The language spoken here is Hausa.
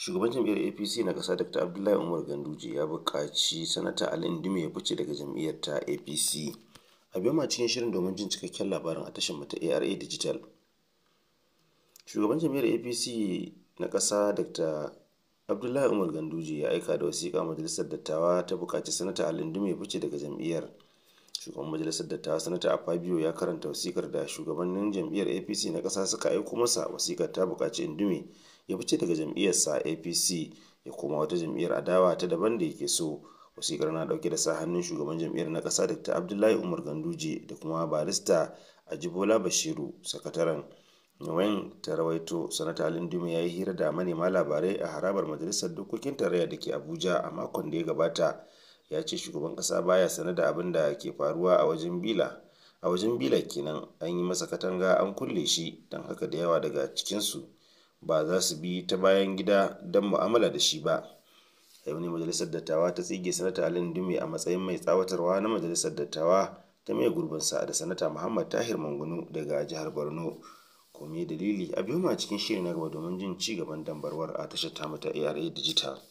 shugaban jam'iyyar apc na ƙasa dr abdullahi umar ganduje ya buƙaci sanata ali indume ya fice daga jam'iyyar ta apc a biyo ma cikin shirin domin jin cikakken labarin a tashar mata ara digital shugaban jam'iyyar apc na ƙasa dr abdullahi umar ganduje ya aika da wasiƙa majalisar dattawa ta buƙaci sanata ali indume ya fice daga jam'iyyar shugaban majalisar dattawa sanata a fabio ya karanta wasikar da shugabannin jam'iyyar apc na kasa suka aiko masa wasikar ta bukaci indume ya fice daga jam'iyyarsa apc ya koma wata jam'iyyar adawa ta daban da yake so wasikar na dauke da sa hannun shugaban jam'iyyar na ƙasa dr abdullahi umar ganduje da kuma barista ajibola bashiru sakataren Nguyen ta rawaito sanata Lindume ya yi hira da manema labarai a harabar majalisar dokokin tarayya da ke Abuja a makon da ya gabata ya ce shugaban ƙasa baya sane da abin da ke faruwa a wajen bila a wajen bila kenan an yi masa katanga an kulle shi don haka da yawa daga cikinsu ba za su bi ta bayan gida don mu'amala da shi ba yau ne majalisar dattawa ta tsige sanata alin dume a matsayin mai tsawatarwa na majalisar dattawa ta mai gurbinsa da sanata muhammad tahir mangunu daga jihar borno kome dalili a biyu ma cikin shirin na gaba domin jin ci gaban dambarwar a tashar tamu ta ara digital